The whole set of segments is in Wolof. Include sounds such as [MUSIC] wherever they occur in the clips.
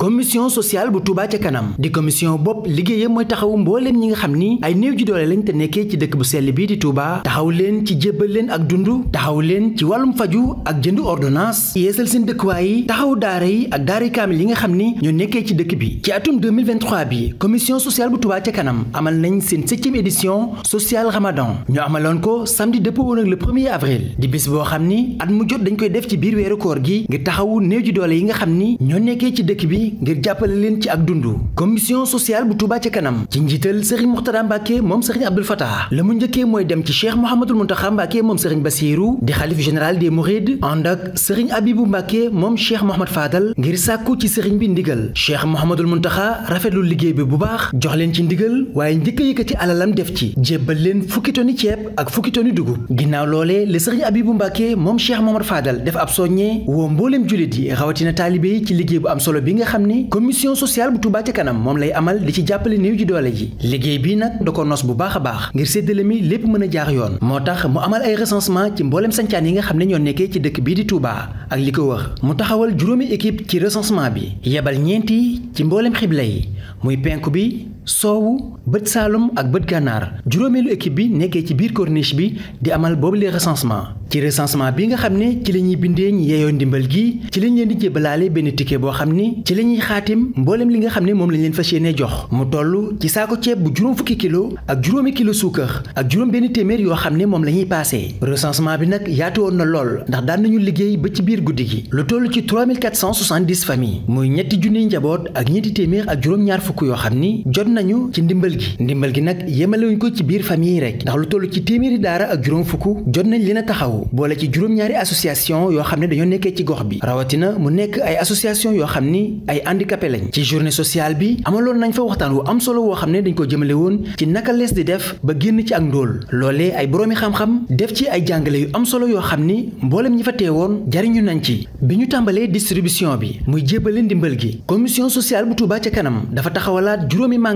commission sociale bu Touba ca kanam di commission bopp liggéeyam mooy taxawu mbooleem ñi nga xam ni ay néew ji doole lañ te nekkee ci dëkk bu sell bii di Touba taxaw leen ci jébbal leen ak dund taxaw leen ci wàllum faju ak jëndu ordonnance yeesal seen dëkkuwaay yi taxaw daara yi ak daara kaamil yi nga xam ni ñoo nekkee ci dëkk bi ci atum 2023 bi commission sociale bu Touba ca kanam amal nañ seen septième édition sociale Ramadan ñu amaloon ko samedi dëppoo woon ak le 1er avril boo xam ni at mu jot dañ koy def ci biir weeru koor gi ngir taxawu néew ji doole yi nga xam ni ñoo yi ngir jàppale leen ci ak dund commission sociale bu Touba ca kanam ci njiital sëriñ Mourtada Mbacke moom sëriñ Abdoul Fattah la mu njëkkee mooy dem ci cheikh Mouhamadul Mountakha Mbacke moom sëriñ Bassirou di xalif général des Mourides ànd ak sëriñ Abibou Mbacke moom cheikh Mouhamad Fadal ngir sàkku ci sëriñ bi ndigal cheikh Mouhamadul Mountakha rafetlu liggéey bi bu baax jox leen ci ndigal waaye njëkk a yëkkati alalam def ci jébbal leen fukki toni ceeb ak fukki toni dugub ginnaaw loolee la sëriñ Abibou Mbacke moom cheikh Mouhamad Fadal def ab soññee woo mbooleem jullit yi rawatina taalibe yi ci liggéey bu am solo bi xam ne commission sociale bu Touba ca kanam moom lay amal di ci jàppale néew ji doole ji liggéey bi nag da ko nos bu baax a baax ngir séddale mi lépp mën a jaar yoon moo tax mu amal ay recensement ci mbooleem sancaan yi nga xam ne ñoo nekkee ci dëkk bii di Touba ak li ko wër mu taxawal juróomi équipe ci recensement bi yebal ñeenti ci mbooleem xibla yi muy penku bi soowu bët saalum ak bët gànnaar juróomeelu équipe bi nekkee ci biir corniche bi di amal boobu les recensement ci recensement bi nga xam ne ci la ñuy bindee ñi yeeyoo ndimbal gi ci lañ leen di jébalaale benn ticket boo xam ni ci la ñuy xaatim mboolem li nga xam ne moom lañ leen fas yéenee jox mu toll ci saako ceeb bu juróom fukki kilo ak juróomi kilo suukar ak juróom benn téeméer yoo xam ne moom la ñuy paasee recensement bi nag yaatu woon na lool ndax daan nañu liggéey ba ci biir guddi gi lu toll ci 3470 familles muy ñetti junniy njaboot ak ñeenti téeméer ak juróom-ñaar fukk yoo xam ni jot nañu ci ndimbal gi ndimbal gi nag yemalewuñ ko ci biir famille yi rek ndax lu toll ci téeméeri daara ak juróom fukk jot nañ leen a taxawu boole ci juróom-ñaari association yoo xam ne dañoo nekkee ci gox bi rawatina mu nekk ay association yoo xam ni ay handicapé lañ ci journée sociale bi amaloon nañ fa waxtaan wu am solo woo xam ne dañ ko jëmale woon ci naka lees di def ba génn ci ak ndóol loolee ay boroomi xam-xam def ci ay jàngale yu am solo yoo xam ni mboolem ñi fa teewoon jariñu nañ ci bi ñu tàmbalee distribution bi muy jébbale ndimbal gi commission sociale bu Touba kanam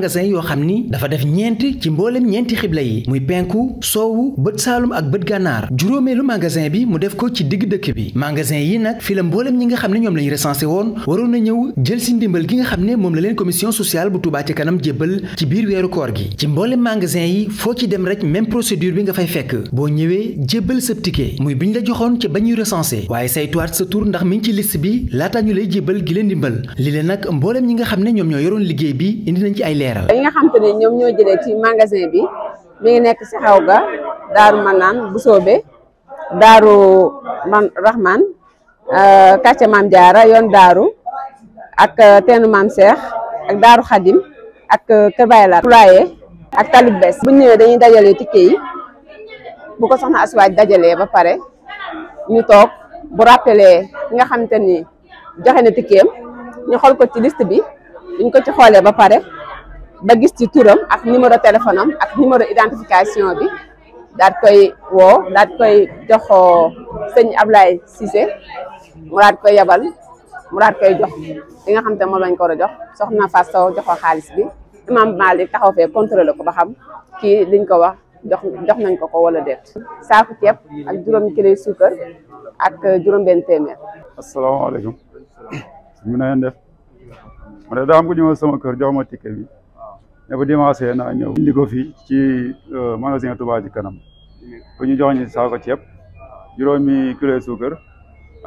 magasin yoo xam ni dafa def ñeent ci mboolem ñeenti xibla yi muy penku soowu bët saalum ak bët gànnaar juróomeelu magasin bi mu def ko ci digg dëkk bi magasin yi nag fi la mboolem ñi nga xam ne ñoom la ñu recensé woon waroon na ñëw jël si nga xam ne moom la leen commission sociale bu Touba ci kanam jébbal ci biir weeru koor yi foo ci dem rek même procédure bi nga fay fekk boo ñëwee jébbal sa ticket muy biñ la joxoon ca ba ñuy recensé waaye saytuwaat sa tur ndax mi ngi ci liste bi laataa ñu lay jébbal gi leen ndimbal li leen nag ñi nga xam ne ñoom ñoo yoroon liggéey bi indi nañ ci ay leer leeral. nga xam te ne ñoom ñoo jëlee ci magasin bi mi ngi nekk ci xaw ga daaru manaan busoobe daaru man rahman kàcce euh, maam jaara yoon daaru ak euh, teenu maam seex ak daaru xadim ak euh, kër Baye Laat ak talib bes bu ñëwee dañuy dajale tikke yi bu ko soxna Aswaaj dajalee ba pare ñu toog bu rappelé ki nga xam te ni joxe na tikkeem ñu xool ko ci liste bi ñu ko ci xoolee ba pare ba gis ci turam ak numéro téléphone am ak numéro identification bi daal koy woo daal koy jox sëñ Ablaye Cissé mu daal koy yabal mu daal koy jox li nga xam te moom lañ ko a jox soxna Fatou Sow jox ko xaalis bi imam Malick taxaw fee contrôlé ko ba xam kii liñ ko wax jox jox nañ ko ko wala déet. saaku ceeb ak juróom kilo suukar ak juróom-benn téeméer. asalaamaaleykum. [COUGHS] ñu ngi leen def man daa am ku ñëw sama kër jox ma ticket bi. ne bu naa ñëw indi ko fii ci euh, magasin Touba ci kanam bu ñu jox ni saako ceeb juróomi kilo suukar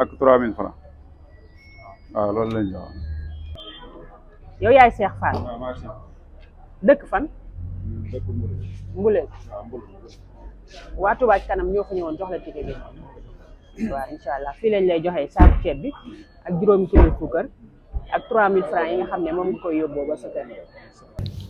ak trois mille francs loolu lañ jox yow yaay Cheikh dëkk fan hmm, Mbuleel waa Touba kanam ñoo fa ñëwoon jox la ticket bi waaw incha allah fii lañ lay joxe saaku ceeb bi ak juróomi kilo suukar ak trois mille francs yi nga xam ne moom nga koy yóbboo ba sa kër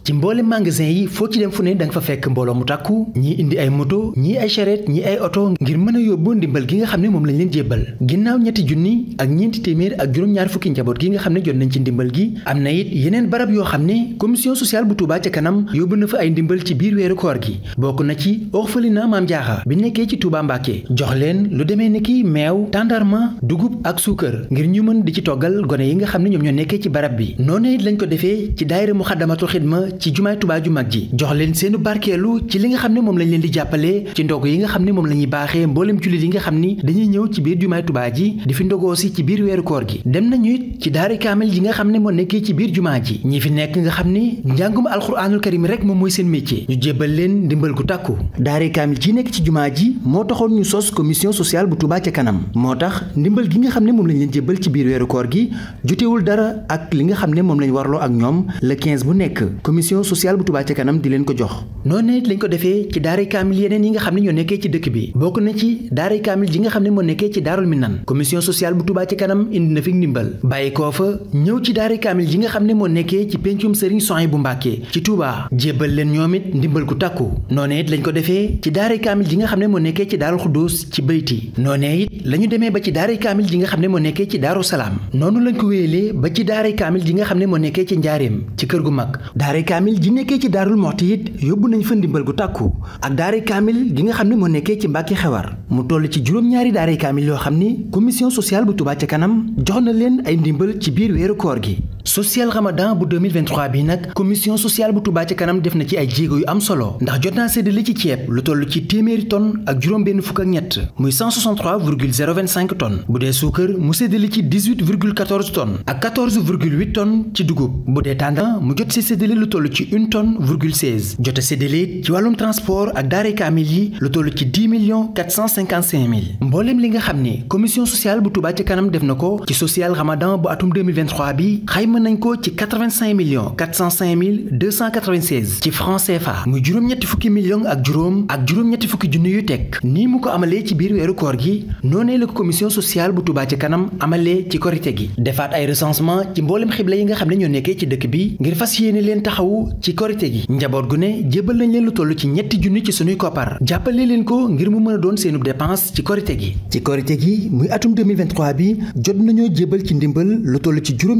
ci mboole magasin yi foo ci dem fu ne da nga fa fekk mbooloo mu takku ñii indi ay moto ñii ay charrette ñii ay oto ngir mën a yóbbu ndimbal gi nga xam ne moom lañ leen jébbal ginnaaw ñetti junni ak ñeenti téeméer ak juróom-ñaar fukki njaboot gi nga xam ne jot nañ ci ndimbal gi am na it yeneen barab yoo xam ne commission sociale bu Touba ca kanam yóbbu na fa ay ndimbal ci biir weeru koor gi bokk na ci orphelinat Maam Diakha bi nekkee ci Touba Mbacké jox leen lu demee ni ki meew tàndarma dugub ak suukar ngir ñu mën di ci toggal gone yi nga xam ne ñoom ñoo nekkee ci barab bi noonu lañ ko defee ci daayira Muxaddamatul Xidma ci jumaay Tuubaa ju mag ji jox leen seenu barkeelu ci li nga xam ne lañ leen di jàppale ci ndog yi nga xam ne moom la ñuy baaxee mboolem jullit yi nga xam ni dañuy ñëw ci biir jumaay Tuubaa ji di fi ndogoo si ci biir weeru koor gi dem nañu ci daari kaamel yi nga xam ne moo nekkee ci biir jumaa ji ñi fi nekk nga xam ni njàngum alxuraanul karim rek moom mooy seen métier ñu jébbal leen ndimbal gu tàkku daari kaamil ji nekk ci jumaa ji moo taxoon ñu sos commission sociale bu tubaa ca kanam moo tax ndimbal gi nga xam ne moom lañ leen jébbal ci biir weeru koor gi jotewul dara ak li nga xam ne moom lañ warloo ak ñoom le 15 bu nekk mission sociale bu Touba ca kanam di leen ko jox noonu it lañ ko defee ci daaray kaamil yeneen yi nga xam ne ñoo nekkee ci dëkk bi bokk na ci daaray kaamil ji nga xam ne moo nekkee ci daarul minan commission sociale bu Touba ca kanam indi na fi ndimbal bàyyi koo fa ñëw ci daaray kaamil ji nga xam ne moo nekkee ci péncum sëriñ soy bu Mbàkke ci Touba jébbal leen ñoom it ndimbal ku takku noonu it lañ ko defee ci daaray kaamil ji nga xam ne moo nekkee ci daarul xudduus ci bayti noonu it lañu demee ba ci daaray kaamil ji nga xam ne moo nekkee ci daaru salaam noonu lañ ko wéyelee ba ci daaray kaamil nga xam ne moo nekkee ci njaareem ci kër kaamil ji nekkee ci daarul moxti it yóbbu nañ fa ndimbal gu tàkku ak daare kaamil gi nga xam ne moo nekkee ci mbàkki xewar mu toll ci juróom-ñaari daare kaamil yoo xam ni commission sociale bu Touba ca kanam jox na leen ay ndimbal ci biir weeru koor gi social ramadan bu 2023 bi nag commission sociale bu Touba ci kanam def na ci ay jéego yu am solo ndax jot naa séddale ci ceeb lu toll ci téeméeri tonne ak juróom-benn fukk ak ñett muy 163 virgule 025 tonnes bu dee suukar mu séddale ci 18 virgule 14 tonnes ak 14 virgule 8 tonnes ci dugub bu dee tànda mu jot si séddale lu toll ci 1 tonne virgule 16 jot a séddale ci wàllum transport ak daare kaamil yi lu toll ci 10 millions 455 mille mbooleem li nga xam ni commission sociale bu Touba ci kanam def na ko ci social ramadan bu atum 2023 bi xayma xayma nañ ko ci 85 millions 405 mille 296 ci franc CFA muy juróom-ñetti fukki millions ak juróom ak juróom-ñetti fukki junni yu teg nii mu ko amalee ci biir weeru koor gi noonee ko commission sociale bu Touba ci kanam amalee ci korite gi defaat ay recensement ci mboolem xibla yi nga xam ne ñoo nekkee ci dëkk bi ngir fas yéene leen taxawu ci korite gi njaboot gu ne jébbal nañ leen lu toll ci ñetti junni ci sunuy koppar jàppale leen ko ngir mu mën a doon seenub dépense ci korite gi ci korite gi muy atum 2023 bi jot nañoo jébbal ci ndimbal lu toll ci juróom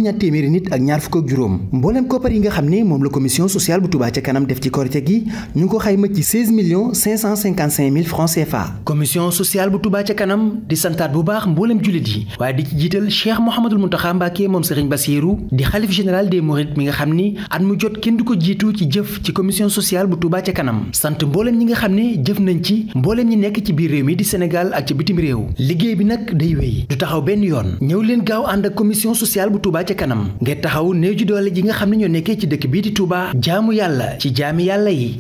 nit ak ñaar fukk ak juróom mbooleem koppar yi nga xam ni moom la commission sociale bu Touba ca kanam def ci korite gi ñu ngi ko xayma ci 16 millions 555 mille francs CFA commission sociale bu Touba ca kanam di santaat bu baax mbooleem jullit yi waaye di ci jiital Cheikh Mouhamadul Mountakha Mbacké moom Serigne Bassirou di xalif général des mi nga xam ni at mu jot kenn du ko jiitu ci jëf ci commission sociale bu tubaa ca kanam sant mbooleem ñi nga xam ne jëf nañ ci mbooleem ñi nekk ci biir réew mi di Sénégal ak ci bitim réew liggéey bi nag day wéy du taxaw benn yoon ñëw leen gaaw ànd ak commission sociale bu kanam taxaw néew ji doole ji nga xam ne ñoo nekkee ci dëkk bii di Touba jaamu yàlla ci jaami yàlla yi